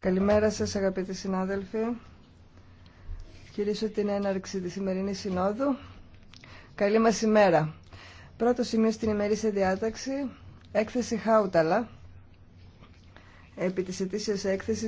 Καλημέρα σας αγαπητοί συνάδελφοι. Κυρίσω την έναρξη της σημερινής συνόδου. Καλή μας ημέρα. Πρώτο σημείο στην ημερήσια διάταξη, έκθεση Χάουταλα επί της ετήσιας έκθεσης